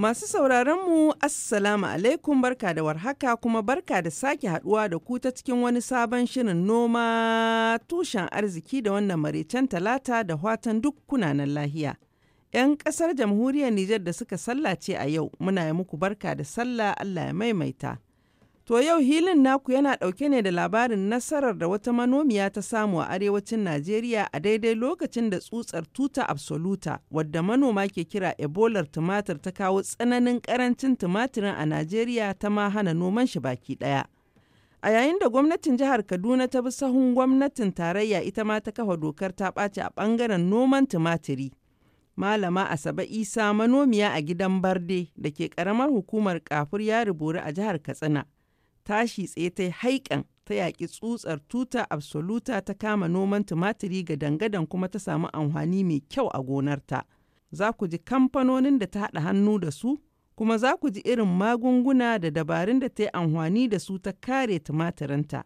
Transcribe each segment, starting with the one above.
Masu sauraron mu Assalamu alaikum barka da warhaka kuma barka da sake haduwa da ku ta cikin wani sabon shirin noma tushen arziki da wannan maraicen talata da watan duk kunanan lahiya. 'Yan ƙasar jamhuriyar Nijar da suka sallace a yau muna yi muku barka da sallah Allah ya maimaita. To yau hilin naku yana ɗauke ne da labarin nasarar da wata manomiya ta samu a arewacin Najeriya a daidai lokacin da tsutsar tuta absoluta wadda manoma ke kira ebolar tumatir ta kawo tsananin karancin tumatirin a Najeriya ta ma hana noman shi baki ɗaya. A yayin da gwamnatin jihar Kaduna ta bi sahun gwamnatin tarayya ita ma ta kafa dokar ta ɓaci a ɓangaren noman tumatiri. Malama Asabe Isa manomiya a gidan Barde da ke ƙaramar hukumar kafur ya rubori a jihar Katsina. tashi tsaye ta haikan ta yaƙi tsutsar tuta absoluta ta kama noman tumatiri ga dangadan kuma ta samu amfani mai kyau a gonarta. Za ku ji kamfanonin da ta haɗa hannu da su, kuma za ku ji irin magunguna da dabarun da ta yi amfani da su ta kare tumatirinta.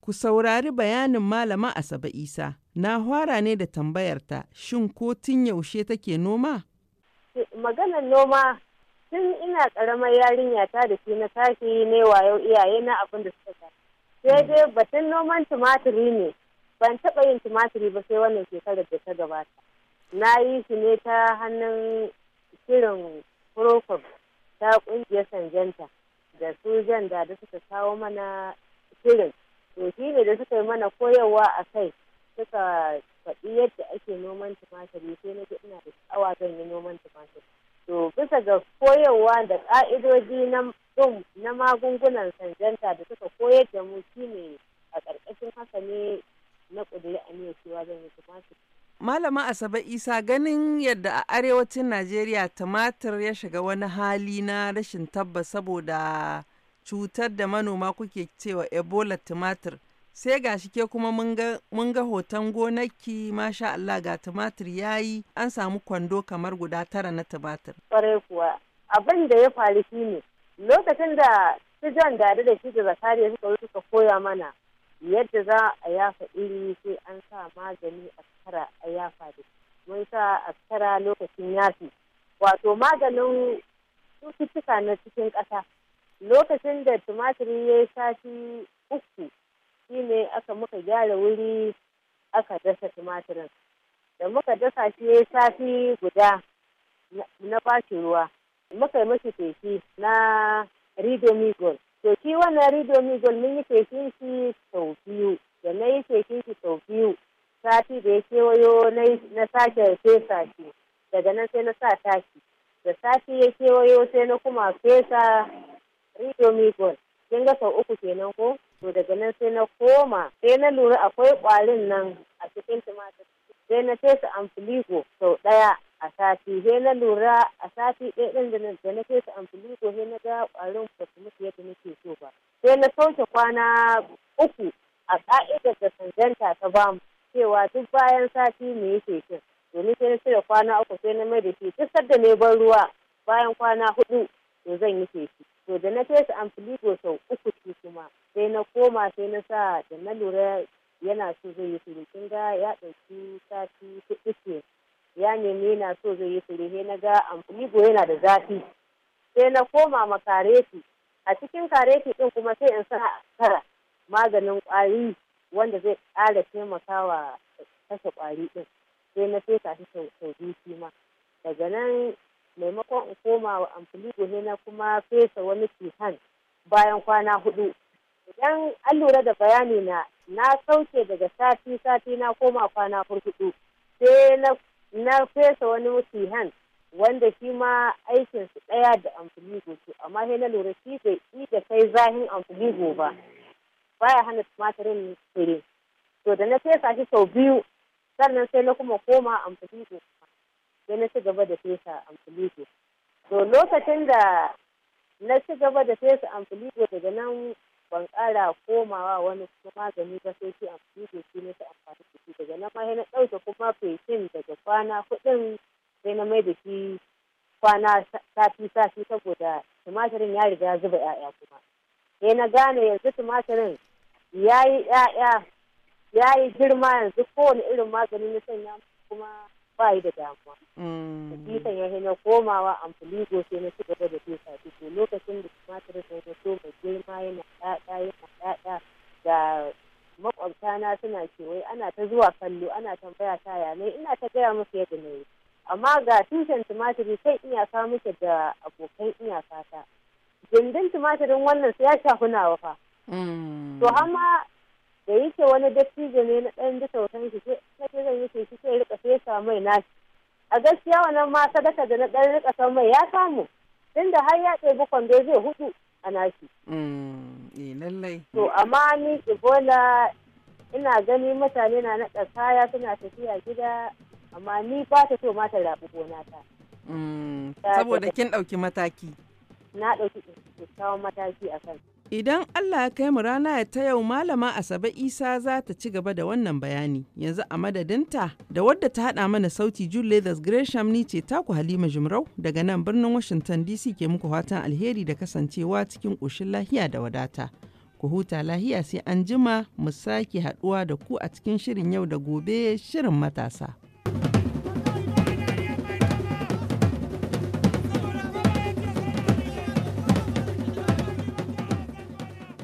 Ku saurari bayanin Malama Asaba Isa, na hwara ne da tambayarta, shin ko tun yaushe take noma? Maganar noma tun ina karamar yarinya ta da shi na tashi ne wayo iyaye na abin da suka ta sai mm. dai batun noman tumatiri ne ban taɓa yin tumatiri ba sai wannan shekarar da ta gabata na yi shi ne ta hannun shirin prokom ta ƙungiyar sanjanta da su jan da suka kawo mana shirin to shi ne da suka yi mana koyarwa a kai suka faɗi yadda ake noman tumatiri sai na ina da sha'awa zan yi noman tumatiri to bisa ga koyarwa da ƙa'idodi na magungunan sanjanta da suka koyar da mu shine a ƙarƙashin haka ne na ƙudiri aniyar cewa zan yi tumatir Malama Asabe Isa ganin yadda a arewacin Najeriya tumatir ya shiga wani hali na rashin tabbas saboda cutar da manoma kuke cewa Ebola tumatir. sai ga shi ke kuma mun ga hoton gonaki masha Allah ga tumatir ya yi an samu kwando kamar guda tara na tumatir. Kwarai kuwa abin da ya faru shi ne lokacin da su jan dare da shi da zakari ya suka suka koya mana yadda za a yafa iri sai an sa magani a kara a yafa da mun sa a kara lokacin yafi wato maganin cututtuka na cikin ƙasa lokacin da tumatir ya yi sati uku shine aka muka gyara wuri aka dasa tumatirin da muka dasa shi ya guda na bashi ruwa muka yi mashi feshi na ridomigol to shi wannan ridomigol mun yi feshin shi sau biyu da na yi feshin shi sau biyu sati da ya kewayo na sake fesa shi daga nan sai na sa tashi da sati ya kewayo sai na kuma fesa ridomigol kin ga sau uku kenan ko to daga nan sai na koma sai na lura akwai kwarin nan a cikin tumatir sai na fesa amfiligo sau ɗaya a sati sai na lura a sati ɗaya ɗin da sai na fesa amfiligo sai na ga kwarin ba su mutu yadda nake so ba sai na sauke kwana uku a ka'idar da sanjanta ta bamu cewa duk bayan sati me yake cin ni sai na cire kwana uku sai na mai da shi duk sadda ne ban ruwa bayan kwana hudu to zan yi feshi to da na fesa amfiligo sau uku sai na koma sai na sa da na lura yana so zai yi fure kin ga ya ɗauki sati kuɗi ke ya nemi yana so zai yi fure sai na ga amfani yana da zafi sai na koma ma kareti a cikin kareti ɗin kuma sai in sa kara maganin ƙwari wanda zai ƙara taimakawa kashe ƙwari ɗin sai na fesa shi sau biyu shi ma daga nan maimakon in koma wa amfani na kuma fesa wani cutan bayan kwana hudu idan an lura da bayani na na sauke daga sati sati na koma kwana hurhudu sai na fesa wani han wanda shi ma aikin su daya da amfuligo su amma sai na lura shi bai yi da kai zahin amfuligo ba baya hana tumatirin fure to da na fesa shi sau biyu sannan sai na kuma koma amfuligo sai na ci gaba da fesa amfuligo to lokacin da na ci gaba da fesa amfuligo daga nan ban ƙara komawa wani kuma magani ba sai shi amfani da shi ne amfani da shi daga nan ma na ɗauke kuma feshin daga kwana kuɗin sai na mai da shi kwana sati sati saboda tumatirin ya riga zuba 'ya'ya kuma sai na gane yanzu tumatirin ya yi 'ya'ya ya yi girma yanzu kowane irin magani na sanya kuma ba yi da damuwa. Bisan mm. ya hina komawa amfuligo sai na ci gaba da fesa to lokacin da tumatirin sai na so mai girma yana ɗaɗa yana ɗaɗa ga makwabtana suna kewaye ana ta zuwa kallo ana tambaya ta yanai ina ta gaya masa yadda na yi amma ga tushen tumatiri kan iyaka muke da abokan iyaka ta gindin tumatirin wannan su ya shafi nawa fa mm. to amma da yake wani dattijo ne na ɗan duka wata shi sai na zan yi shi sai rika sai sa mai nashi a gaskiya wannan ma sadaka da na ɗan rika sa mai ya samu tunda har ya ɗebi kwando zai hudu ana shi. Mm, eh, lallai. To amma ni Ebola ina gani mutane na naɗa kaya suna tafiya gida amma ni ba ta so mata rabu gona mm, Saboda kin ɗauki mataki. Na ɗauki kyakkyawan mataki a kansu. Idan Allah ya kai mu rana ya ta yau Malama Asabe Isa za ta ci gaba da wannan bayani yanzu a madadinta da wadda ta haɗa mana sauti June Leathers Gresham ni ce taku Halima Jumrau daga nan birnin Washington DC ke muku fatan alheri da kasancewa cikin ƙoshin lahiya da wadata. Ku huta lahiya sai an jima mu sake haɗuwa da ku a cikin shirin yau da gobe shirin matasa.